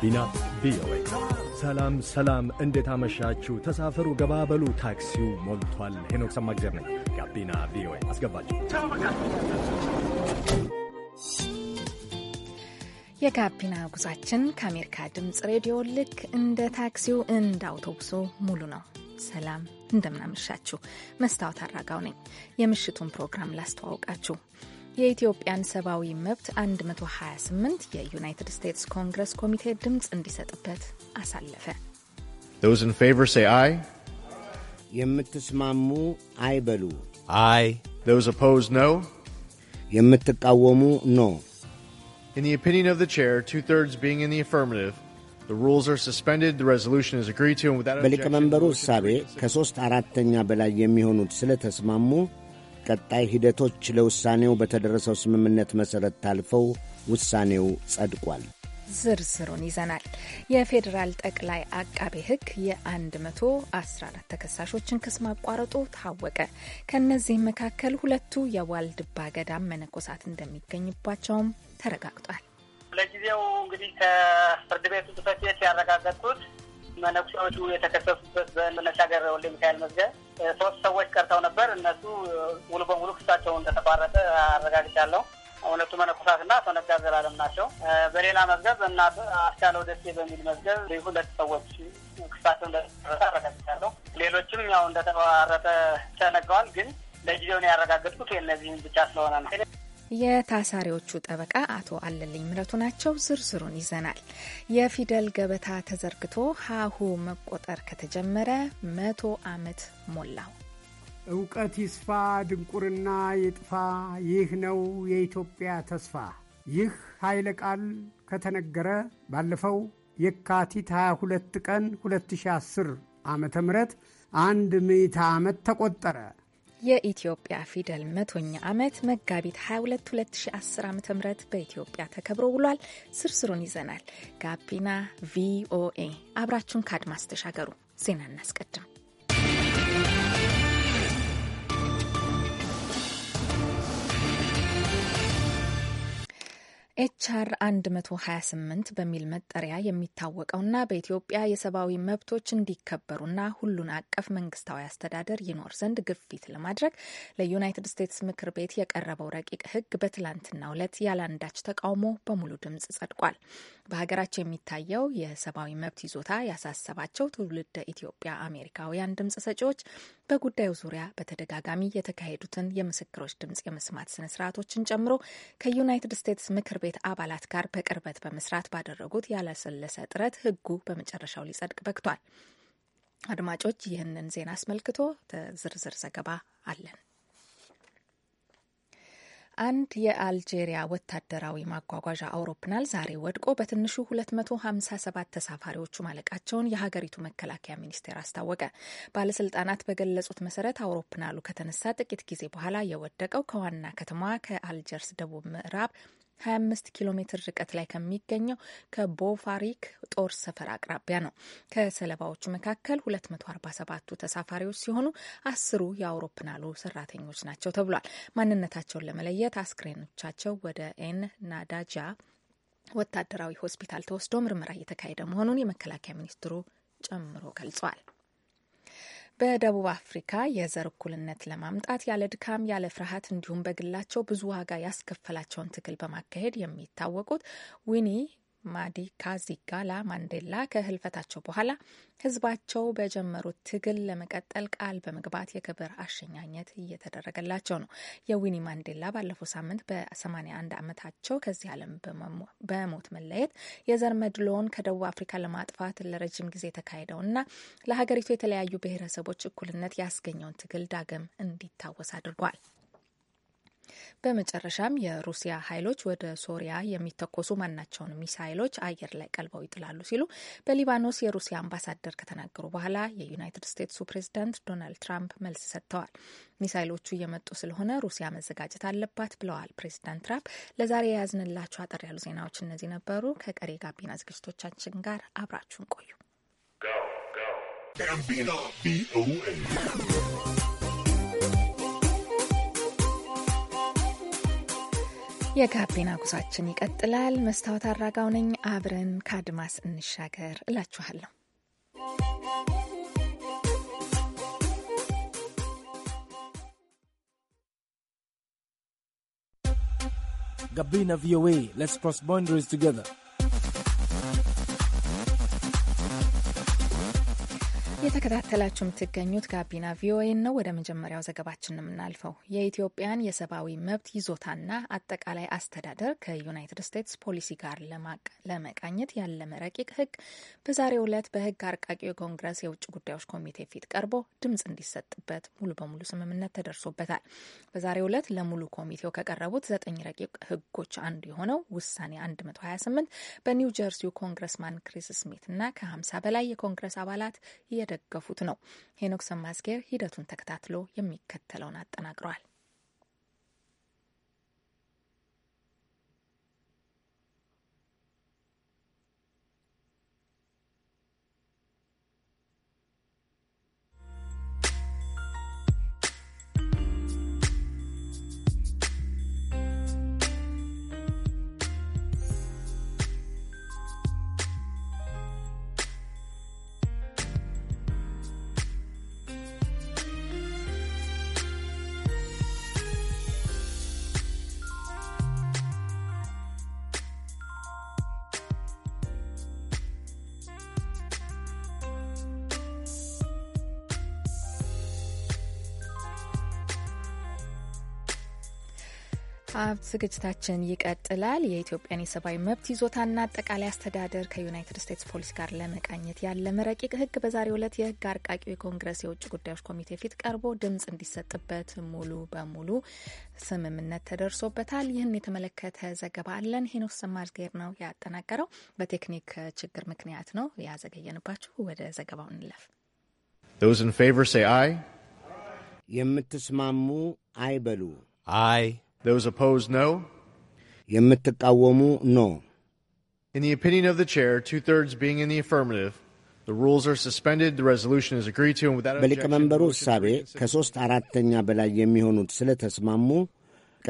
ጋቢና ቪኦኤ። ሰላም ሰላም፣ እንዴት አመሻችሁ? ተሳፈሩ፣ ገባበሉ፣ ታክሲው ሞልቷል። ሄኖክ ሰማግዜር ነኝ። ጋቢና ቪኦኤ አስገባችሁ። የጋቢና ጉዟችን ከአሜሪካ ድምፅ ሬዲዮ ልክ እንደ ታክሲው እንደ አውቶቡሱ ሙሉ ነው። ሰላም እንደምናመሻችሁ። መስታወት አራጋው ነኝ። የምሽቱን ፕሮግራም ላስተዋውቃችሁ። የኢትዮጵያን ሰብአዊ መብት 128 የዩናይትድ ስቴትስ ኮንግረስ ኮሚቴ ድምፅ እንዲሰጥበት አሳለፈ። የምትስማሙ አይ በሉ። አይ ነው። የምትቃወሙ ኖ። In the opinion of the chair, two-thirds being in the affirmative, the rules are suspended, the resolution is agreed to, and without objection... በሊቀመንበሩ እሳቤ ከሦስት አራተኛ በላይ የሚሆኑት ስለተስማሙ ቀጣይ ሂደቶች ለውሳኔው በተደረሰው ስምምነት መሠረት ታልፈው ውሳኔው ጸድቋል። ዝርዝሩን ይዘናል። የፌዴራል ጠቅላይ አቃቤ ሕግ የ114 ተከሳሾችን ክስ ማቋረጡ ታወቀ። ከእነዚህም መካከል ሁለቱ የዋልድባ ገዳም መነኮሳት እንደሚገኝባቸውም ተረጋግጧል። ለጊዜው እንግዲህ ከፍርድ ቤቱ ጽሕፈት ቤት ያረጋገጥኩት መነኩሴዎቹ የተከሰሱበት በመነሻገር ወልደ ሚካኤል መዝገብ ሶስት ሰዎች ቀርተው ነበር። እነሱ ሙሉ በሙሉ ክሳቸው እንደተቋረጠ አረጋግጫለሁ። ሁለቱ መነኮሳትና አቶ ነጋ ዘላለም ናቸው። በሌላ መዝገብ እና አስቻለው ደሴ በሚል መዝገብ ሁለት ሰዎች ክሳቸው እንደተቋረጠ አረጋግጫለሁ። ሌሎችም ያው እንደተቋረጠ ተነግረዋል። ግን ለጊዜው ነው ያረጋገጥኩት የእነዚህም ብቻ ስለሆነ ነው። የታሳሪዎቹ ጠበቃ አቶ አለልኝ ምረቱ ናቸው። ዝርዝሩን ይዘናል። የፊደል ገበታ ተዘርግቶ ሀሁ መቆጠር ከተጀመረ መቶ ዓመት ሞላው። እውቀት ይስፋ ድንቁርና ይጥፋ፣ ይህ ነው የኢትዮጵያ ተስፋ። ይህ ኃይለ ቃል ከተነገረ ባለፈው የካቲት 22 ቀን 2010 ዓ ም አንድ ምዕተ ዓመት ተቆጠረ። የኢትዮጵያ ፊደል መቶኛ ዓመት መጋቢት 22 2010 ዓ ም በኢትዮጵያ ተከብሮ ውሏል። ዝርዝሩን ይዘናል። ጋቢና ቪኦኤ አብራችሁን ከአድማስ ተሻገሩ። ዜና እናስቀድም። ኤችአር 128 በሚል መጠሪያ የሚታወቀውና በኢትዮጵያ የሰብአዊ መብቶች እንዲከበሩና ሁሉን አቀፍ መንግስታዊ አስተዳደር ይኖር ዘንድ ግፊት ለማድረግ ለዩናይትድ ስቴትስ ምክር ቤት የቀረበው ረቂቅ ህግ በትላንትናው ዕለት ያለአንዳች ተቃውሞ በሙሉ ድምጽ ጸድቋል። በሀገራቸው የሚታየው የሰብአዊ መብት ይዞታ ያሳሰባቸው ትውልደ ኢትዮጵያ አሜሪካውያን ድምጽ ሰጪዎች በጉዳዩ ዙሪያ በተደጋጋሚ የተካሄዱትን የምስክሮች ድምጽ የመስማት ስነስርዓቶችን ጨምሮ ከዩናይትድ ስቴትስ ምክር ቤት አባላት ጋር በቅርበት በመስራት ባደረጉት ያለሰለሰ ጥረት ህጉ በመጨረሻው ሊጸድቅ በክቷል። አድማጮች፣ ይህንን ዜና አስመልክቶ ዝርዝር ዘገባ አለን። አንድ የአልጄሪያ ወታደራዊ ማጓጓዣ አውሮፕላን ዛሬ ወድቆ በትንሹ 257 ተሳፋሪዎቹ ማለቃቸውን የሀገሪቱ መከላከያ ሚኒስቴር አስታወቀ። ባለስልጣናት በገለጹት መሰረት አውሮፕላኑ ከተነሳ ጥቂት ጊዜ በኋላ የወደቀው ከዋና ከተማዋ ከአልጀርስ ደቡብ ምዕራብ 25 ኪሎ ሜትር ርቀት ላይ ከሚገኘው ከቦፋሪክ ጦር ሰፈር አቅራቢያ ነው። ከሰለባዎቹ መካከል 247ቱ ተሳፋሪዎች ሲሆኑ አስሩ የአውሮፕላኑ ሰራተኞች ናቸው ተብሏል። ማንነታቸውን ለመለየት አስክሬኖቻቸው ወደ ኤን ናዳጃ ወታደራዊ ሆስፒታል ተወስዶ ምርመራ እየተካሄደ መሆኑን የመከላከያ ሚኒስትሩ ጨምሮ ገልጿል። በደቡብ አፍሪካ የዘር እኩልነት ለማምጣት ያለ ድካም ያለ ፍርሃት እንዲሁም በግላቸው ብዙ ዋጋ ያስከፈላቸውን ትግል በማካሄድ የሚታወቁት ዊኒ ማዲካዚጋላ ማንዴላ ከህልፈታቸው በኋላ ህዝባቸው በጀመሩት ትግል ለመቀጠል ቃል በመግባት የክብር አሸኛኘት እየተደረገላቸው ነው። የዊኒ ማንዴላ ባለፈው ሳምንት በ81 ዓመታቸው ከዚህ ዓለም በሞት መለየት የዘር መድሎን ከደቡብ አፍሪካ ለማጥፋት ለረጅም ጊዜ እና ለሀገሪቱ የተለያዩ ብሔረሰቦች እኩልነት ያስገኘውን ትግል ዳግም እንዲታወስ አድርጓል። በመጨረሻም የሩሲያ ኃይሎች ወደ ሶሪያ የሚተኮሱ ማናቸውን ሚሳይሎች አየር ላይ ቀልበው ይጥላሉ ሲሉ በሊባኖስ የሩሲያ አምባሳደር ከተናገሩ በኋላ የዩናይትድ ስቴትሱ ፕሬዚዳንት ዶናልድ ትራምፕ መልስ ሰጥተዋል። ሚሳይሎቹ እየመጡ ስለሆነ ሩሲያ መዘጋጀት አለባት ብለዋል ፕሬዚዳንት ትራምፕ። ለዛሬ የያዝንላችሁ አጠር ያሉ ዜናዎች እነዚህ ነበሩ። ከቀሪ ጋቢና ዝግጅቶቻችን ጋር አብራችሁን ቆዩ። የጋቢና ጉዟችን ይቀጥላል። መስታወት አራጋው ነኝ። አብረን ከአድማስ እንሻገር እላችኋለሁ። Gabina VOA. Let's cross boundaries together. እየተከታተላችሁ የምትገኙት ጋቢና ቪኦኤ ነው። ወደ መጀመሪያው ዘገባችን የምናልፈው የኢትዮጵያን የሰብአዊ መብት ይዞታና አጠቃላይ አስተዳደር ከዩናይትድ ስቴትስ ፖሊሲ ጋር ለመቃኘት ያለመ ረቂቅ ህግ በዛሬው ዕለት በህግ አርቃቂ የኮንግረስ የውጭ ጉዳዮች ኮሚቴ ፊት ቀርቦ ድምጽ እንዲሰጥበት ሙሉ በሙሉ ስምምነት ተደርሶበታል። በዛሬው ዕለት ለሙሉ ኮሚቴው ከቀረቡት ዘጠኝ ረቂቅ ህጎች አንዱ የሆነው ውሳኔ 128 በኒው ጀርሲው ኮንግረስማን ክሪስ ስሚት እና ከ50 በላይ የኮንግረስ አባላት የደ እየደገፉት ነው። ሄኖክ ሰማስጌር ሂደቱን ተከታትሎ የሚከተለውን አጠናቅረዋል። ሀብት ዝግጅታችን ይቀጥላል። የኢትዮጵያን የሰብአዊ መብት ይዞታና አጠቃላይ አስተዳደር ከዩናይትድ ስቴትስ ፖሊስ ጋር ለመቃኘት ያለመ ረቂቅ ህግ በዛሬው ዕለት የህግ አርቃቂው የኮንግረስ የውጭ ጉዳዮች ኮሚቴ ፊት ቀርቦ ድምጽ እንዲሰጥበት ሙሉ በሙሉ ስምምነት ተደርሶበታል። ይህን የተመለከተ ዘገባ አለን። ሄኖስ ሰማርጌር ነው ያጠናቀረው። በቴክኒክ ችግር ምክንያት ነው ያዘገየንባችሁ። ወደ ዘገባው እንለፍ። የምትስማሙ አይበሉ አይ የምትቃወሙ ኖ። በሊቀመንበሩ እሳቤ ከሦስት አራተኛ በላይ የሚሆኑት ስለተስማሙ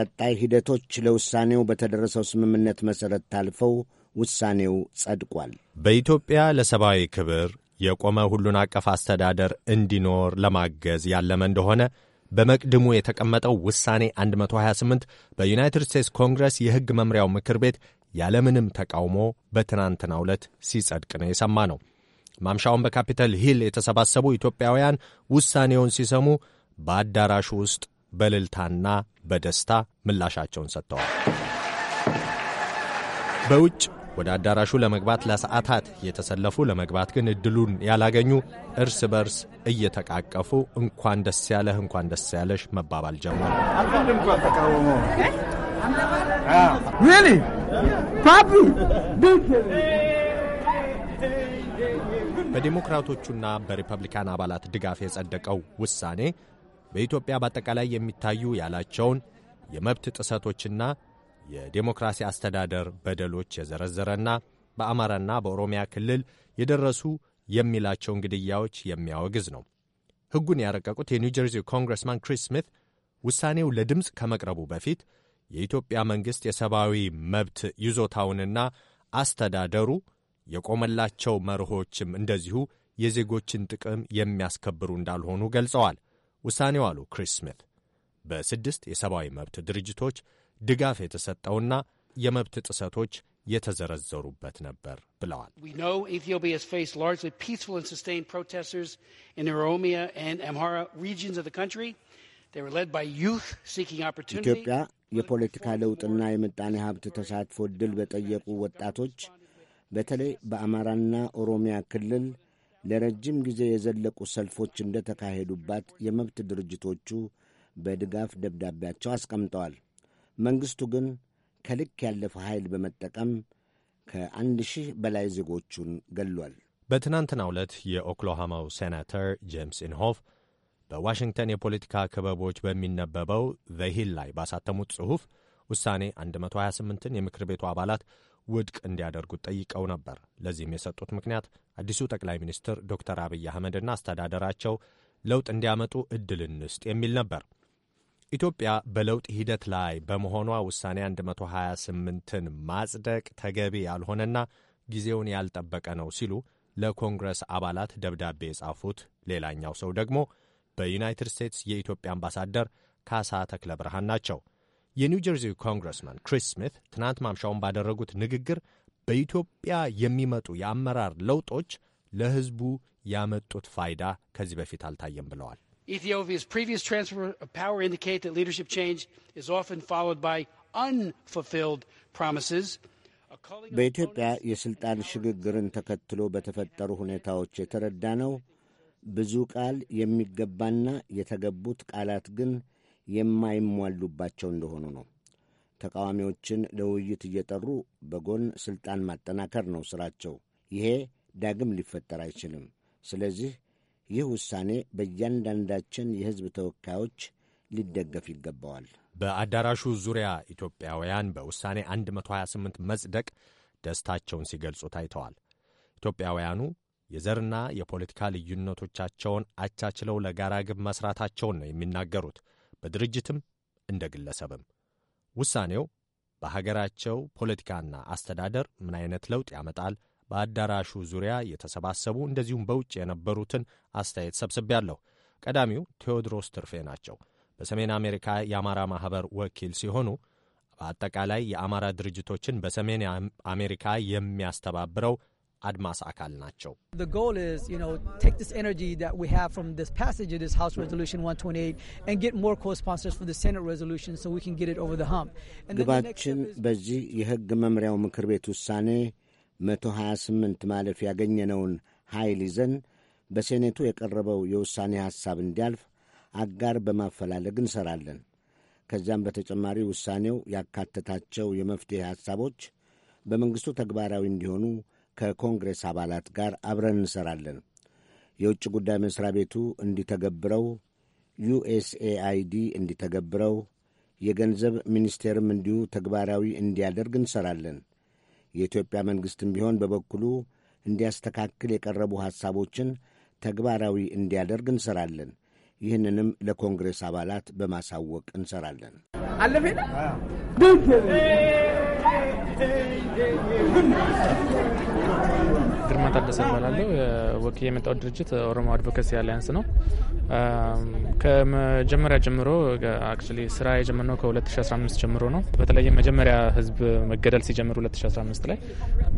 ቀጣይ ሂደቶች ለውሳኔው በተደረሰው ስምምነት መሠረት ታልፈው ውሳኔው ጸድቋል። በኢትዮጵያ ለሰብአዊ ክብር የቆመ ሁሉን አቀፍ አስተዳደር እንዲኖር ለማገዝ ያለመ እንደሆነ በመቅድሙ የተቀመጠው ውሳኔ 128 በዩናይትድ ስቴትስ ኮንግረስ የሕግ መምሪያው ምክር ቤት ያለምንም ተቃውሞ በትናንትናው ዕለት ሲጸድቅ ነው የሰማ ነው። ማምሻውን በካፒተል ሂል የተሰባሰቡ ኢትዮጵያውያን ውሳኔውን ሲሰሙ በአዳራሹ ውስጥ በልልታና በደስታ ምላሻቸውን ሰጥተዋል። በውጭ ወደ አዳራሹ ለመግባት ለሰዓታት የተሰለፉ ለመግባት ግን እድሉን ያላገኙ እርስ በርስ እየተቃቀፉ እንኳን ደስ ያለህ እንኳን ደስ ያለሽ መባባል ጀመሩ። በዲሞክራቶቹና በሪፐብሊካን አባላት ድጋፍ የጸደቀው ውሳኔ በኢትዮጵያ በአጠቃላይ የሚታዩ ያላቸውን የመብት ጥሰቶችና የዴሞክራሲ አስተዳደር በደሎች የዘረዘረና በአማራና በኦሮሚያ ክልል የደረሱ የሚላቸውን ግድያዎች የሚያወግዝ ነው። ሕጉን ያረቀቁት የኒው ኮንግረስማን ክሪስ ስሚት ውሳኔው ለድምፅ ከመቅረቡ በፊት የኢትዮጵያ መንግሥት የሰብአዊ መብት ይዞታውንና አስተዳደሩ የቆመላቸው መርሆችም እንደዚሁ የዜጎችን ጥቅም የሚያስከብሩ እንዳልሆኑ ገልጸዋል። ውሳኔው አሉ ክሪስ ስሚት በስድስት የሰብአዊ መብት ድርጅቶች ድጋፍ የተሰጠውና የመብት ጥሰቶች የተዘረዘሩበት ነበር ብለዋል። ኢትዮጵያ የፖለቲካ ለውጥና የምጣኔ ሀብት ተሳትፎ ድል በጠየቁ ወጣቶች በተለይ በአማራና ኦሮሚያ ክልል ለረጅም ጊዜ የዘለቁ ሰልፎች እንደተካሄዱባት የመብት ድርጅቶቹ በድጋፍ ደብዳቤያቸው አስቀምጠዋል። መንግሥቱ ግን ከልክ ያለፈ ኃይል በመጠቀም ከአንድ ሺህ በላይ ዜጎቹን ገሏል። በትናንትናው ዕለት የኦክሎሃማው ሴናተር ጄምስ ኢንሆፍ በዋሽንግተን የፖለቲካ ክበቦች በሚነበበው ዘሂል ላይ ባሳተሙት ጽሑፍ ውሳኔ 128ን የምክር ቤቱ አባላት ውድቅ እንዲያደርጉት ጠይቀው ነበር። ለዚህም የሰጡት ምክንያት አዲሱ ጠቅላይ ሚኒስትር ዶክተር አብይ አህመድና አስተዳደራቸው ለውጥ እንዲያመጡ እድል እንስጥ የሚል ነበር። ኢትዮጵያ በለውጥ ሂደት ላይ በመሆኗ ውሳኔ 128ን ማጽደቅ ተገቢ ያልሆነና ጊዜውን ያልጠበቀ ነው ሲሉ ለኮንግረስ አባላት ደብዳቤ የጻፉት ሌላኛው ሰው ደግሞ በዩናይትድ ስቴትስ የኢትዮጵያ አምባሳደር ካሳ ተክለ ብርሃን ናቸው። የኒው ጀርዚ ኮንግረስማን ክሪስ ስሚት ትናንት ማምሻውን ባደረጉት ንግግር በኢትዮጵያ የሚመጡ የአመራር ለውጦች ለሕዝቡ ያመጡት ፋይዳ ከዚህ በፊት አልታየም ብለዋል። Ethiopia's previous transfer of power indicate that leadership change is often followed by unfulfilled promises. በኢትዮጵያ የስልጣን ሽግግርን ተከትሎ በተፈጠሩ ሁኔታዎች የተረዳ ነው። ብዙ ቃል የሚገባና የተገቡት ቃላት ግን የማይሟሉባቸው እንደሆኑ ነው። ተቃዋሚዎችን ለውይይት እየጠሩ በጎን ስልጣን ማጠናከር ነው ሥራቸው። ይሄ ዳግም ሊፈጠር አይችልም። ስለዚህ ይህ ውሳኔ በእያንዳንዳችን የሕዝብ ተወካዮች ሊደገፍ ይገባዋል። በአዳራሹ ዙሪያ ኢትዮጵያውያን በውሳኔ 128 መጽደቅ ደስታቸውን ሲገልጹ ታይተዋል። ኢትዮጵያውያኑ የዘርና የፖለቲካ ልዩነቶቻቸውን አቻችለው ለጋራ ግብ መሥራታቸውን ነው የሚናገሩት በድርጅትም እንደ ግለሰብም። ውሳኔው በሀገራቸው ፖለቲካና አስተዳደር ምን አይነት ለውጥ ያመጣል? በአዳራሹ ዙሪያ የተሰባሰቡ እንደዚሁም በውጭ የነበሩትን አስተያየት ሰብስቤያለሁ። ቀዳሚው ቴዎድሮስ ትርፌ ናቸው። በሰሜን አሜሪካ የአማራ ማኅበር ወኪል ሲሆኑ በአጠቃላይ የአማራ ድርጅቶችን በሰሜን አሜሪካ የሚያስተባብረው አድማስ አካል ናቸው። ግባችን በዚህ የሕግ መምሪያው ምክር ቤት ውሳኔ 128 ማለፍ ያገኘነውን ኃይል ይዘን በሴኔቱ የቀረበው የውሳኔ ሐሳብ እንዲያልፍ አጋር በማፈላለግ እንሠራለን። ከዚያም በተጨማሪ ውሳኔው ያካተታቸው የመፍትሔ ሐሳቦች በመንግሥቱ ተግባራዊ እንዲሆኑ ከኮንግሬስ አባላት ጋር አብረን እንሠራለን። የውጭ ጉዳይ መሥሪያ ቤቱ እንዲተገብረው፣ ዩኤስኤአይዲ እንዲተገብረው፣ የገንዘብ ሚኒስቴርም እንዲሁ ተግባራዊ እንዲያደርግ እንሠራለን። የኢትዮጵያ መንግሥትም ቢሆን በበኩሉ እንዲያስተካክል የቀረቡ ሐሳቦችን ተግባራዊ እንዲያደርግ እንሰራለን። ይህንንም ለኮንግሬስ አባላት በማሳወቅ እንሰራለን። ግርማ ታደሰ እባላለሁ። ወኪ የመጣው ድርጅት ኦሮሞ አድቮኬሲ አሊያንስ ነው። ከመጀመሪያ ጀምሮ አክቹዋሊ ስራ የጀመርነው ከ2015 ጀምሮ ነው። በተለይ መጀመሪያ ህዝብ መገደል ሲጀምር 2015 ላይ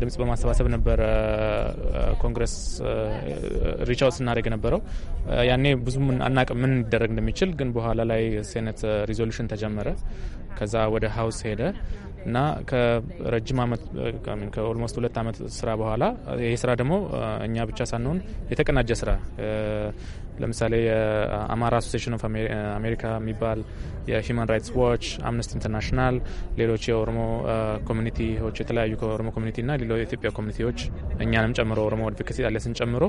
ድምጽ በማሰባሰብ ነበር ኮንግረስ ሪቻውት ስናደርግ ነበረው። ያኔ ብዙም አናቅ ምን ሊደረግ እንደሚችል ግን በኋላ ላይ ሴኔት ሪዞሉሽን ተጀመረ። ከዛ ወደ ሀውስ ሄደ እና ከረጅም ዓመት ከኦልሞስት ሁለት ዓመት ስራ በኋላ ይህ ስራ ደግሞ እኛ ብቻ ሳንሆን የተቀናጀ ስራ ለምሳሌ የአማራ አሶሴሽን ኦፍ አሜሪካ የሚባል የሂማን ራይትስ ዋች፣ አምነስቲ ኢንተርናሽናል፣ ሌሎች የኦሮሞ ኮሚኒቲዎች የተለያዩ ከኦሮሞ ኮሚኒቲና ሌሎ የኢትዮጵያ ኮሚኒቲዎች እኛንም ጨምሮ ኦሮሞ አድቮኬሲ አሊያስን ጨምሮ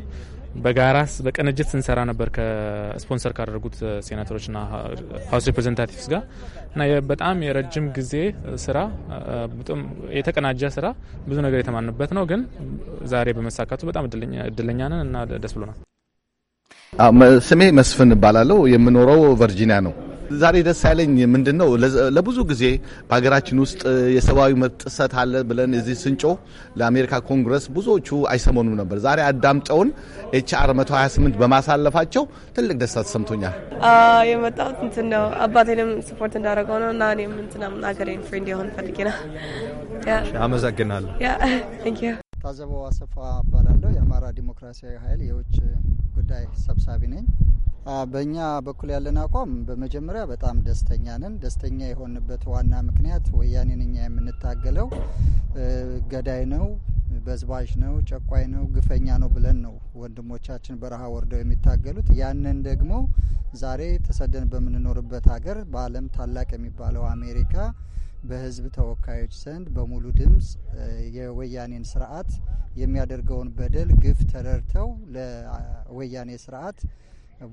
በጋራ በቅንጅት ስንሰራ ነበር ከስፖንሰር ካደረጉት ሴናተሮችና ሀውስ ሪፕሬዘንታቲቭስ ጋር እና በጣም የረጅም ጊዜ ስራ የተቀናጀ ስራ ብዙ ነገር የተማንበት ነው። ግን ዛሬ በመሳካቱ በጣም እድለኛ ነን እና ደስ ብሎናል። ስሜ መስፍን እባላለሁ። የምኖረው ቨርጂኒያ ነው። ዛሬ ደስ ያለኝ ምንድን ነው፣ ለብዙ ጊዜ በሀገራችን ውስጥ የሰብአዊ መብት ጥሰት አለ ብለን እዚህ ስንጮ ለአሜሪካ ኮንግረስ ብዙዎቹ አይሰሞኑም ነበር። ዛሬ አዳምጠውን ኤች አር 128 በማሳለፋቸው ትልቅ ደስታ ተሰምቶኛል። የመጣሁት እንትን ነው፣ አባቴንም ስፖርት እንዳደረገው ነው እና እኔም እንትናም ሀገሬን ፍሬንድ የሆን ፈልጌ ነው። አመሰግናለሁ። ታዘበው አሰፋ እባላለሁ። የአማራ ዲሞክራሲያዊ ኃይል የውጭ ጉዳይ ሰብሳቢ ነኝ። በእኛ በኩል ያለን አቋም በመጀመሪያ በጣም ደስተኛ ነን። ደስተኛ የሆንበት ዋና ምክንያት ወያኔን እኛ የምንታገለው ገዳይ ነው፣ በዝባዥ ነው፣ ጨቋይ ነው፣ ግፈኛ ነው ብለን ነው ወንድሞቻችን በረሃ ወርደው የሚታገሉት። ያንን ደግሞ ዛሬ ተሰደን በምንኖርበት ሀገር በዓለም ታላቅ የሚባለው አሜሪካ በህዝብ ተወካዮች ዘንድ በሙሉ ድምፅ የወያኔን ስርዓት የሚያደርገውን በደል፣ ግፍ ተረድተው ለወያኔ ስርዓት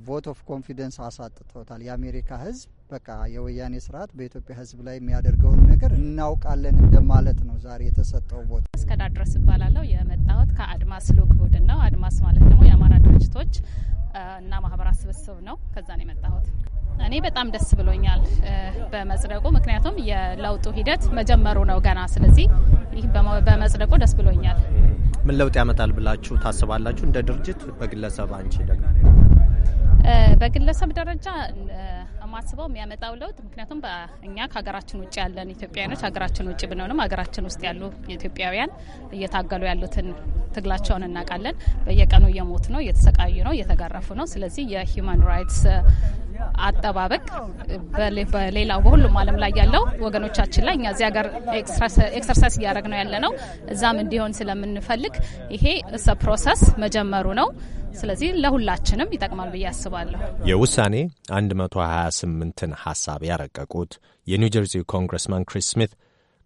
ቮት ኦፍ ኮንፊደንስ አሳጥቶታል። የአሜሪካ ህዝብ በቃ የወያኔ ስርዓት በኢትዮጵያ ህዝብ ላይ የሚያደርገውን ነገር እናውቃለን እንደማለት ነው። ዛሬ የተሰጠው ቦታ እስከዳ ድረስ ይባላለው። የመጣሁት ከአድማስ ልዑክ ቡድን ነው። አድማስ ማለት ደግሞ የአማራ ድርጅቶች እና ማህበራት ስብስብ ነው። ከዛ ነው የመጣሁት። እኔ በጣም ደስ ብሎኛል በመጽደቁ፣ ምክንያቱም የለውጡ ሂደት መጀመሩ ነው ገና። ስለዚህ ይህ በመጽደቁ ደስ ብሎኛል። ምን ለውጥ ያመጣል ብላችሁ ታስባላችሁ? እንደ ድርጅት፣ በግለሰብ አንቺ ደግሞ በግለሰብ ደረጃ ማስበው የሚያመጣው ለውጥ ምክንያቱም እኛ ከሀገራችን ውጭ ያለን ኢትዮጵያውያኖች ሀገራችን ውጭ ብንሆንም ሀገራችን ውስጥ ያሉ ኢትዮጵያውያን እየታገሉ ያሉትን ትግላቸውን እናውቃለን። በየቀኑ እየሞቱ ነው፣ እየተሰቃዩ ነው፣ እየተጋረፉ ነው። ስለዚህ የሂዩማን ራይትስ አጠባበቅ በሌላው በሁሉም ዓለም ላይ ያለው ወገኖቻችን ላይ እኛ እዚህ ሀገር ኤክሰርሳይዝ እያደረግ ነው ያለ ነው። እዛም እንዲሆን ስለምንፈልግ ይሄ ፕሮሰስ መጀመሩ ነው። ስለዚህ ለሁላችንም ይጠቅማል ብዬ አስባለሁ። የውሳኔ 128ን ሀሳብ ያረቀቁት የኒው ጀርዚ ኮንግረስማን ክሪስ ስሚት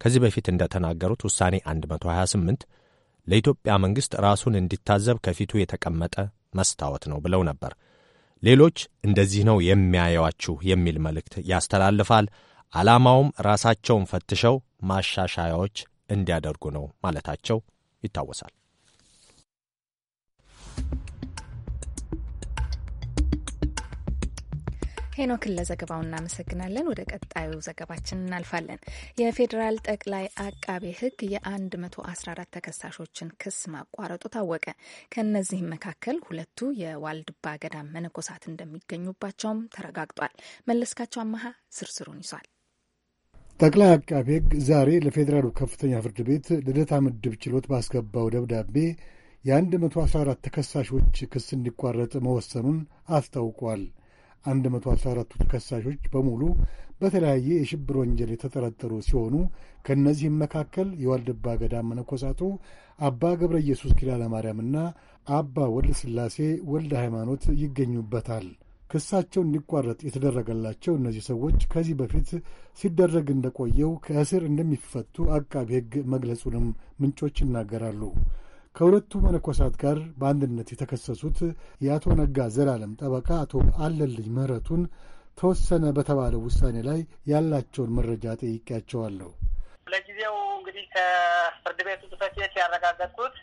ከዚህ በፊት እንደተናገሩት ውሳኔ 128 ለኢትዮጵያ መንግሥት ራሱን እንዲታዘብ ከፊቱ የተቀመጠ መስታወት ነው ብለው ነበር። ሌሎች እንደዚህ ነው የሚያየዋችሁ የሚል መልእክት ያስተላልፋል። ዓላማውም ራሳቸውን ፈትሸው ማሻሻያዎች እንዲያደርጉ ነው ማለታቸው ይታወሳል። ሄኖክን ለዘገባው እናመሰግናለን። ወደ ቀጣዩ ዘገባችን እናልፋለን። የፌዴራል ጠቅላይ አቃቤ ሕግ የ114 ተከሳሾችን ክስ ማቋረጡ ታወቀ። ከእነዚህም መካከል ሁለቱ የዋልድባ ገዳም መነኮሳት እንደሚገኙባቸውም ተረጋግጧል። መለስካቸው አመሃ ዝርዝሩን ይዟል። ጠቅላይ አቃቤ ሕግ ዛሬ ለፌዴራሉ ከፍተኛ ፍርድ ቤት ልደታ ምድብ ችሎት ባስገባው ደብዳቤ የ114 ተከሳሾች ክስ እንዲቋረጥ መወሰኑን አስታውቋል። 114ቱ ተከሳሾች በሙሉ በተለያየ የሽብር ወንጀል የተጠረጠሩ ሲሆኑ ከእነዚህም መካከል የዋልድባ ገዳም መነኮሳቱ አባ ገብረ ኢየሱስ ኪዳነ ማርያምና አባ ወልድ ሥላሴ ወልደ ሃይማኖት ይገኙበታል። ክሳቸው እንዲቋረጥ የተደረገላቸው እነዚህ ሰዎች ከዚህ በፊት ሲደረግ እንደቆየው ከእስር እንደሚፈቱ አቃቢ ሕግ መግለጹንም ምንጮች ይናገራሉ። ከሁለቱ መነኮሳት ጋር በአንድነት የተከሰሱት የአቶ ነጋ ዘላለም ጠበቃ አቶ አለልኝ ምህረቱን ተወሰነ በተባለው ውሳኔ ላይ ያላቸውን መረጃ ጠይቄያቸዋለሁ። ለጊዜው እንግዲህ ከፍርድ ቤቱ ጽሕፈት ቤት ያረጋገጥኩት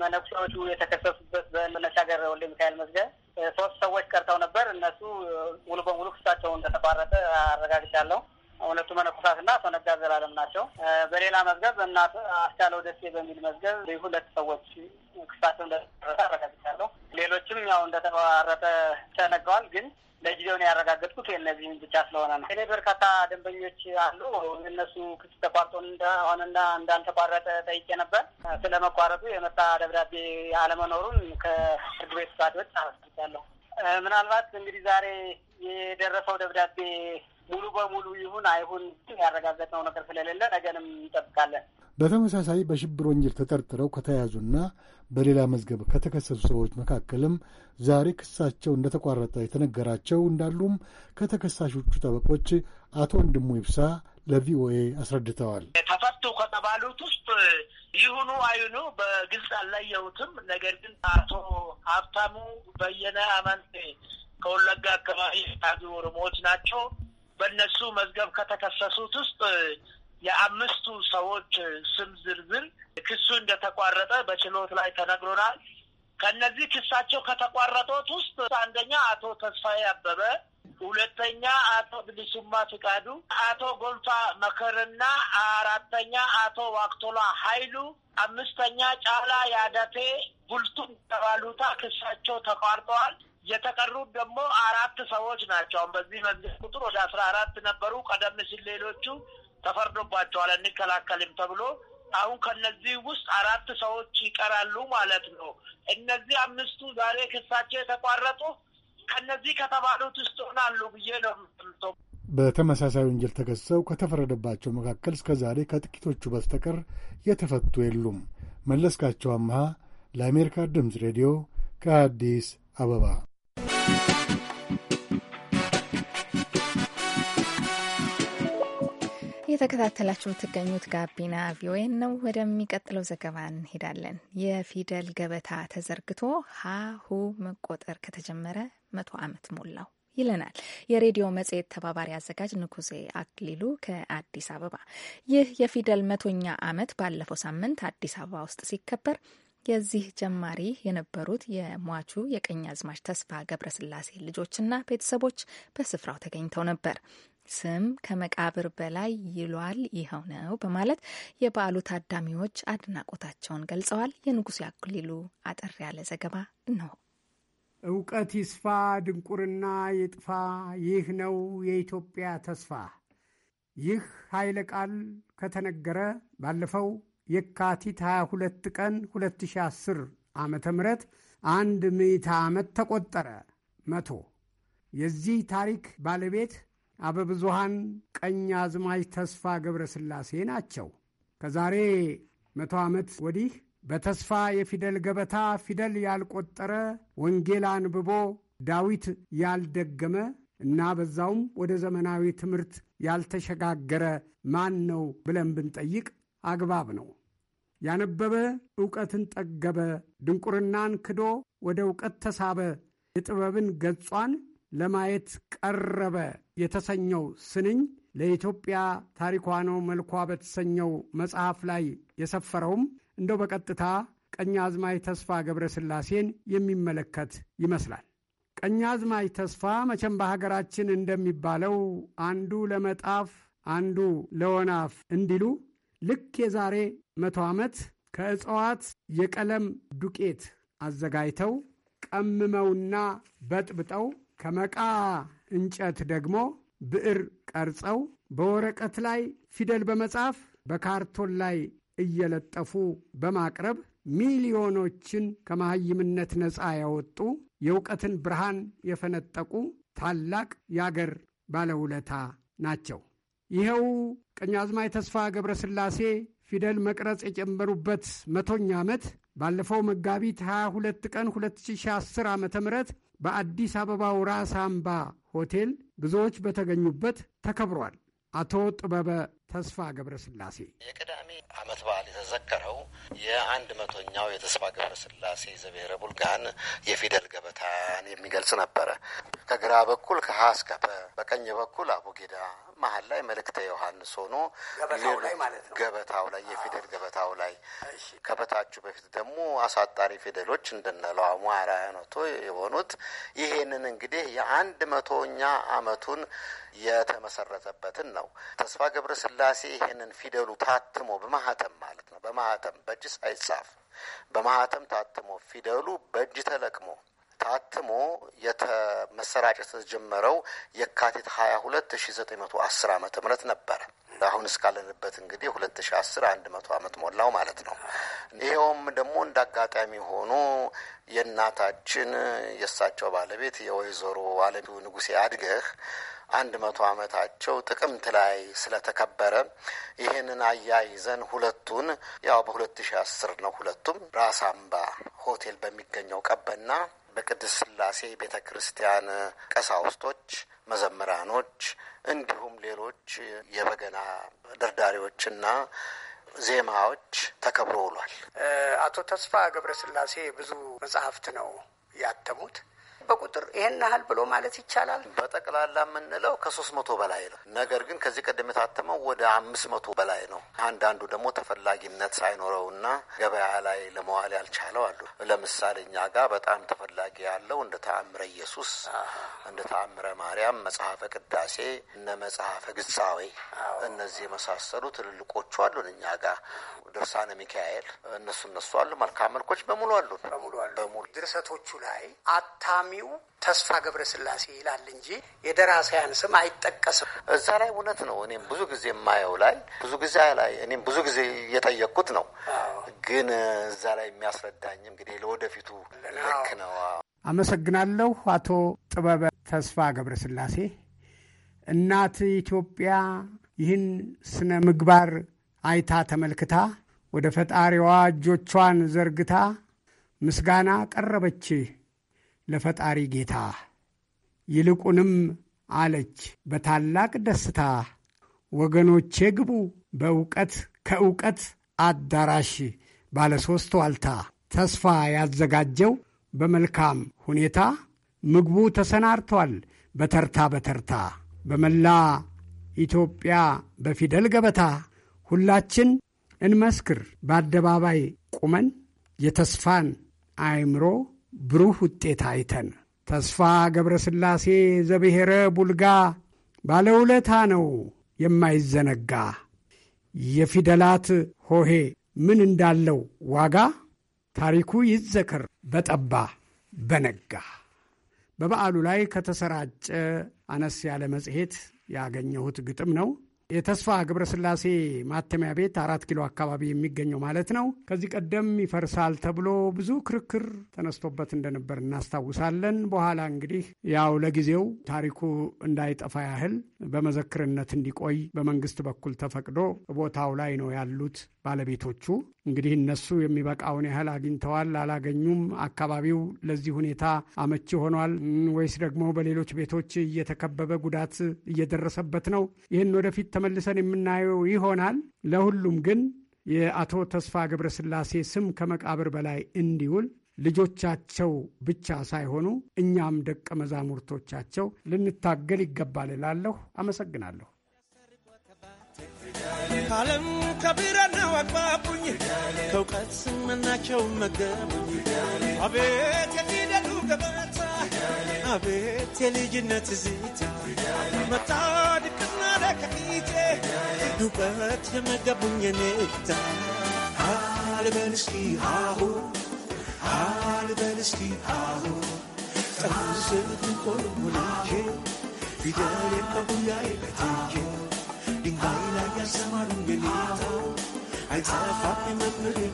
መነኩሴዎቹ የተከሰሱበት በመነሻገር ወልደ ሚካኤል መዝገብ ሶስት ሰዎች ቀርተው ነበር። እነሱ ሙሉ በሙሉ ክሳቸውን እንደተቋረጠ አረጋግጫለሁ። ሁለቱ መነኮሳት እና አቶ ነጋ ዘላለም ናቸው። በሌላ መዝገብ እናት አስቻለው ደሴ በሚል መዝገብ ሁለት ሰዎች ክሳቸው እንደተመሰረተ አረጋግጫለሁ። ሌሎችም ያው እንደተቋረጠ ተነግረዋል። ግን ለጊዜው ነው ያረጋገጥኩት የእነዚህም ብቻ ስለሆነ ነው። እኔ በርካታ ደንበኞች አሉ። እነሱ ክስ ተቋርጦ እንደሆነና እንዳልተቋረጠ ጠይቄ ነበር። ስለ መቋረጡ የመጣ ደብዳቤ አለመኖሩን ከፍርድ ቤት ፍቃዶች አረጋግጫለሁ። ምናልባት እንግዲህ ዛሬ የደረሰው ደብዳቤ ሙሉ በሙሉ ይሁን አይሁን ያረጋገጥነው ነገር ስለሌለ ነገንም እንጠብቃለን። በተመሳሳይ በሽብር ወንጀል ተጠርጥረው ከተያዙና በሌላ መዝገብ ከተከሰሱ ሰዎች መካከልም ዛሬ ክሳቸው እንደተቋረጠ የተነገራቸው እንዳሉም ከተከሳሾቹ ጠበቆች አቶ ወንድሙ ይብሳ ለቪኦኤ አስረድተዋል። ተፈቱ ከተባሉት ውስጥ ይሁኑ አይሁኑ በግልጽ አላየሁትም። ነገር ግን አቶ ሀብታሙ በየነ አመንቴ ከወለጋ አካባቢ የታዙ ኦሮሞዎች ናቸው። በእነሱ መዝገብ ከተከሰሱት ውስጥ የአምስቱ ሰዎች ስም ዝርዝር ክሱ እንደተቋረጠ በችሎት ላይ ተነግሮናል። ከነዚህ ክሳቸው ከተቋረጡት ውስጥ አንደኛ አቶ ተስፋዬ አበበ፣ ሁለተኛ አቶ ብሊሱማ ፍቃዱ፣ አቶ ጎልፋ መከርና አራተኛ አቶ ዋክቶላ ሀይሉ አምስተኛ ጫላ ያደቴ ቡልቱም ተባሉታ ክሳቸው ተቋርጠዋል። የተቀሩ ደግሞ አራት ሰዎች ናቸው። አሁን በዚህ መንግስት ቁጥር ወደ አስራ አራት ነበሩ። ቀደም ሲል ሌሎቹ ተፈርዶባቸዋል እንከላከልም ተብሎ አሁን ከነዚህ ውስጥ አራት ሰዎች ይቀራሉ ማለት ነው። እነዚህ አምስቱ ዛሬ ክሳቸው የተቋረጡ ከነዚህ ከተባሉት ውስጥ ሆናሉ ብዬ ነው። በተመሳሳይ ወንጀል ተከሰው ከተፈረደባቸው መካከል እስከ ዛሬ ከጥቂቶቹ በስተቀር የተፈቱ የሉም። መለስካቸው አምሃ ለአሜሪካ ድምፅ ሬዲዮ ከአዲስ አበባ እየተከታተላችሁ የምትገኙት ጋቢና ቪኦኤ ነው። ወደሚቀጥለው ዘገባ እንሄዳለን። የፊደል ገበታ ተዘርግቶ ሀሁ መቆጠር ከተጀመረ መቶ ዓመት ሞላው ይለናል የሬዲዮ መጽሔት ተባባሪ አዘጋጅ ንጉሴ አክሊሉ ከአዲስ አበባ። ይህ የፊደል መቶኛ ዓመት ባለፈው ሳምንት አዲስ አበባ ውስጥ ሲከበር የዚህ ጀማሪ የነበሩት የሟቹ የቀኝ አዝማች ተስፋ ገብረስላሴ ልጆችና ቤተሰቦች በስፍራው ተገኝተው ነበር። ስም ከመቃብር በላይ ይሏል ይኸው ነው በማለት የበዓሉ ታዳሚዎች አድናቆታቸውን ገልጸዋል። የንጉሱ ያኩሊሉ አጠር ያለ ዘገባ ነው። እውቀት ይስፋ፣ ድንቁርና ይጥፋ፣ ይህ ነው የኢትዮጵያ ተስፋ። ይህ ኃይለ ቃል ከተነገረ ባለፈው የካቲት 22 ቀን 2010 ዓ ም አንድ ምዕተ ዓመት ተቆጠረ። መቶ የዚህ ታሪክ ባለቤት አበብዙሃን ቀኝ አዝማች ተስፋ ገብረ ስላሴ ናቸው። ከዛሬ መቶ ዓመት ወዲህ በተስፋ የፊደል ገበታ ፊደል ያልቆጠረ ወንጌል አንብቦ ዳዊት ያልደገመ እና በዛውም ወደ ዘመናዊ ትምህርት ያልተሸጋገረ ማን ነው ብለን ብንጠይቅ አግባብ ነው። ያነበበ ዕውቀትን ጠገበ፣ ድንቁርናን ክዶ ወደ ዕውቀት ተሳበ፣ የጥበብን ገጿን ለማየት ቀረበ የተሰኘው ስንኝ ለኢትዮጵያ ታሪኳ ነው መልኳ በተሰኘው መጽሐፍ ላይ የሰፈረውም እንደው በቀጥታ ቀኛዝማች ተስፋ ገብረስላሴን የሚመለከት ይመስላል። ቀኛዝማች ተስፋ መቼም በሀገራችን እንደሚባለው አንዱ ለመጣፍ አንዱ ለወናፍ እንዲሉ ልክ የዛሬ መቶ ዓመት ከእጽዋት የቀለም ዱቄት አዘጋጅተው ቀምመውና በጥብጠው ከመቃ እንጨት ደግሞ ብዕር ቀርጸው በወረቀት ላይ ፊደል በመጻፍ በካርቶን ላይ እየለጠፉ በማቅረብ ሚሊዮኖችን ከመሐይምነት ነፃ ያወጡ የእውቀትን ብርሃን የፈነጠቁ ታላቅ የአገር ባለውለታ ናቸው። ይኸው ቀኛዝማች ተስፋ ገብረ ሥላሴ ፊደል መቅረጽ የጨመሩበት መቶኛ ዓመት ባለፈው መጋቢት 22 ቀን 2010 ዓ ም በአዲስ አበባው ራስ አምባ ሆቴል ብዙዎች በተገኙበት ተከብሯል። አቶ ጥበበ ተስፋ ገብረስላሴ የቅዳሜ ዓመት በዓል የተዘከረው የአንድ መቶኛው የተስፋ ገብረስላሴ ዘብሔረ ቡልጋን የፊደል ገበታን የሚገልጽ ነበረ። ከግራ በኩል ከሀ እስከ በቀኝ በኩል አቡጌዳ መሀል ላይ መልእክተ ዮሐንስ ሆኖ ገበታው ላይ የፊደል ገበታው ላይ ከበታችሁ በፊት ደግሞ አሳጣሪ ፊደሎች እንደነለው አማራ የሆኑት ይሄንን እንግዲህ የአንድ መቶኛ አመቱን የተመሰረተበትን ነው። ተስፋ ገብረ ስላሴ ይህንን ፊደሉ ታትሞ በማህተም ማለት ነው በማህተም በእጅ ሳይጻፍ በማህተም ታትሞ ፊደሉ በእጅ ተለቅሞ ታትሞ መሰራጨት የተጀመረው የካቲት 22 1910 ዓ ም ነበረ። አሁን እስካለንበት እንግዲህ 2010 አንድ መቶ ዓመት ሞላው ማለት ነው። ይኸውም ደግሞ እንደ አጋጣሚ ሆኖ የእናታችን የእሳቸው ባለቤት የወይዘሮ አለሚቱ ንጉሴ አድገህ አንድ መቶ ዓመታቸው ጥቅምት ላይ ስለተከበረ ይህንን አያይዘን ሁለቱን ያው በሁለት ሺ አስር ነው ሁለቱም ራስ አምባ ሆቴል በሚገኘው ቀበና በቅድስት ስላሴ ቤተ ክርስቲያን ቀሳውስቶች፣ መዘምራኖች እንዲሁም ሌሎች የበገና ደርዳሪዎችና ዜማዎች ተከብሮ ውሏል። አቶ ተስፋ ገብረ ስላሴ ብዙ መጽሐፍት ነው ያተሙት። በቁጥር ይሄን ያህል ብሎ ማለት ይቻላል። በጠቅላላ የምንለው ከሶስት መቶ በላይ ነው። ነገር ግን ከዚህ ቀደም የታተመው ወደ አምስት መቶ በላይ ነው። አንዳንዱ ደግሞ ተፈላጊነት ሳይኖረውና ገበያ ላይ ለመዋል ያልቻለው አሉ። ለምሳሌ እኛ ጋር በጣም ተፈላጊ ያለው እንደ ተአምረ ኢየሱስ፣ እንደ ተአምረ ማርያም፣ መጽሐፈ ቅዳሴ፣ እነ መጽሐፈ ግሳዌ እነዚህ የመሳሰሉ ትልልቆቹ አሉን እኛ ጋር ድርሳነ ሚካኤል እነሱ እነሱ አሉ። መልካም መልኮች በሙሉ አሉን በሙሉ ድርሰቶቹ ላይ አታሚ ጸሐፊው ተስፋ ገብረስላሴ ይላል እንጂ የደራሲያን ስም አይጠቀስም። እዛ ላይ እውነት ነው። እኔም ብዙ ጊዜ የማየው ላይ ብዙ ጊዜ ላይ እኔም ብዙ ጊዜ እየጠየቅኩት ነው። ግን እዛ ላይ የሚያስረዳኝ እንግዲህ ለወደፊቱ ልክ ነው። አመሰግናለሁ። አቶ ጥበበ ተስፋ ገብረስላሴ እናት ኢትዮጵያ ይህን ስነ ምግባር አይታ ተመልክታ ወደ ፈጣሪዋ እጆቿን ዘርግታ ምስጋና ቀረበች ለፈጣሪ ጌታ። ይልቁንም አለች በታላቅ ደስታ ወገኖቼ ግቡ በእውቀት ከእውቀት አዳራሽ ባለ ሦስት ዋልታ ተስፋ ያዘጋጀው በመልካም ሁኔታ ምግቡ ተሰናድቷል በተርታ በተርታ በመላ ኢትዮጵያ በፊደል ገበታ ሁላችን እንመስክር በአደባባይ ቁመን የተስፋን አእምሮ ብሩህ ውጤት አይተን ተስፋ ገብረስላሴ ዘብሔረ ቡልጋ ባለውለታ ነው የማይዘነጋ የፊደላት ሆሄ ምን እንዳለው ዋጋ ታሪኩ ይዘከር በጠባ በነጋ። በበዓሉ ላይ ከተሰራጨ አነስ ያለ መጽሔት ያገኘሁት ግጥም ነው። የተስፋ ገብረስላሴ ማተሚያ ቤት አራት ኪሎ አካባቢ የሚገኘው ማለት ነው። ከዚህ ቀደም ይፈርሳል ተብሎ ብዙ ክርክር ተነስቶበት እንደነበር እናስታውሳለን። በኋላ እንግዲህ ያው ለጊዜው ታሪኩ እንዳይጠፋ ያህል በመዘክርነት እንዲቆይ በመንግስት በኩል ተፈቅዶ ቦታው ላይ ነው ያሉት ባለቤቶቹ እንግዲህ እነሱ የሚበቃውን ያህል አግኝተዋል አላገኙም፣ አካባቢው ለዚህ ሁኔታ አመቺ ሆኗል ወይስ ደግሞ በሌሎች ቤቶች እየተከበበ ጉዳት እየደረሰበት ነው። ይህን ወደፊት ተመልሰን የምናየው ይሆናል። ለሁሉም ግን የአቶ ተስፋ ገብረስላሴ ስም ከመቃብር በላይ እንዲውል ልጆቻቸው ብቻ ሳይሆኑ እኛም ደቀ መዛሙርቶቻቸው ልንታገል ይገባል እላለሁ። አመሰግናለሁ። ዓለም ከቢራና አግባቡኝ ከእውቀት ስመናቸው መገቡኝ አቤት የፊደሉ ገበታ አቤት የልጅነት ዚታ መጣ ድቅና ለከፊቴ ውበት የመገቡኝ ኔታ አልበልስቲ አሁ አልበልስቲ አሁ ጠስልትንቆልሙናቼ ፊደል የቀቡያ ይበትንቼ din baila ya samar un gelito ai tsara fappe mapri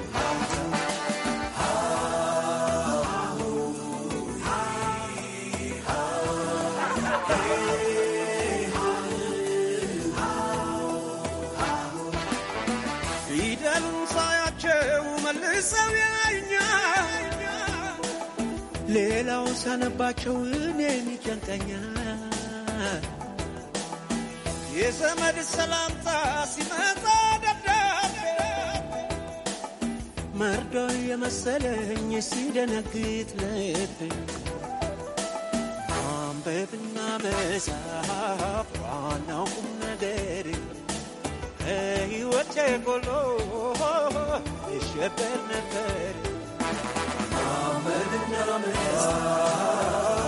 ፊደሉን ሳያቸው መልሰው ያዩኛል ሌላው ሳነባቸው እኔን ይጨንቀኛል የዘመድ ሰላምታ ሲመጣ ደብዳቤ መርዶ የመሰለኝ ሲደነግጥ ልቤ ማንበብና መጻፍ ዋናው ቁም ነገር ከሕይወቴ ጎሎ ይሸበር ነበር ማንበብና መጻፍ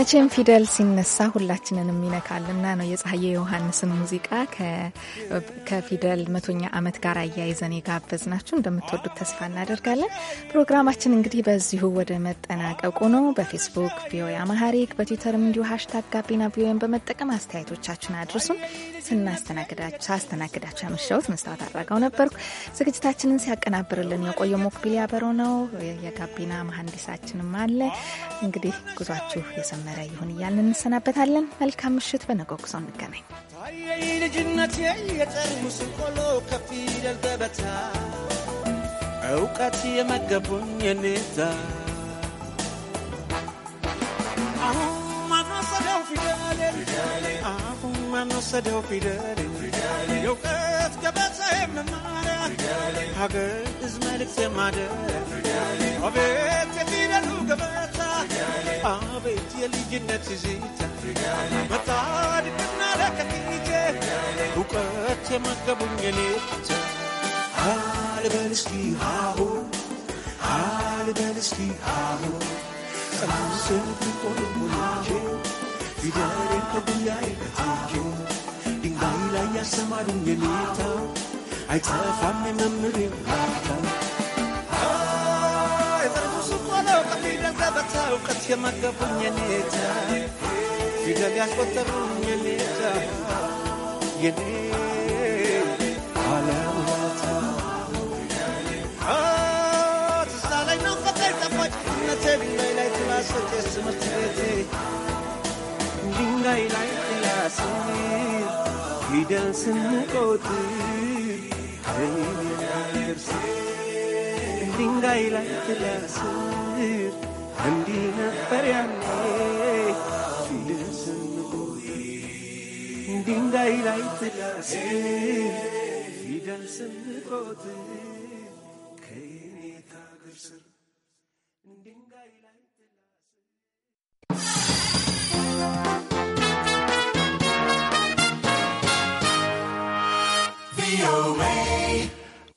መቼም ፊደል ሲነሳ ሁላችንንም ይነካልና ነው። የፀሐዬ ዮሐንስን ሙዚቃ ከፊደል መቶኛ ዓመት ጋር አያይዘን የጋበዝናችሁ እንደምትወዱት ተስፋ እናደርጋለን። ፕሮግራማችን እንግዲህ በዚሁ ወደ መጠናቀቁ ነው። በፌስቡክ ቪኦኤ አማሃሪክ፣ በትዊተርም እንዲሁ ሀሽታግ ጋቢና ቪኦኤን በመጠቀም አስተያየቶቻችን አድርሱን። ሳስተናግዳችሁ ያመሸሁት መስታወት አድራጋው ነበርኩ። ዝግጅታችንን ሲያቀናብርልን የቆየው ሞክቢል ያበሮ ነው። የጋቢና መሀንዲሳችንም አለ። እንግዲህ ጉዟችሁ የሰመረ ይሁን እያልን እንሰናበታለን። መልካም ምሽት። በነገው ጉዞ እንገናኝ። ልጅነት የጠርሙስ ቆሎ ከፊደል ገበታ እውቀት የመገቡን የኔታ ወሰደው ፊደል የእውቀት ገበታ የመማሪያ ሀገር ሕዝብ መልእክት የማደር አቤት የፊደሉ ገበታ አቤት የልጅነት ትዝታ መታድቅና ለከፊቴ እውቀት የመገቡኝ የሌት አልበል እስኪ ሀሁ አልበል እስኪ ሀሁ ጽናስን ትቆልቡናቸው വിചാരം കബൂലായി ആയോ ድንጋይ ላይ ያሰማሩን የኔታ አይጠፋም የመምህሬው ናታ እውቀት የመገቡኝ የኔታ ፊደል ያስቆጠሩኝ የኔታ የኔ ላይ ላይ ስንል ፊደል ስንቆጥር ድንጋይ ላይ ስንል እንዲህ ነበር ያኔ ፊደል ስንቆጥር ድንጋይ ላይ ስንል ፊደል ስንቆጥር ከኔታ ግርስር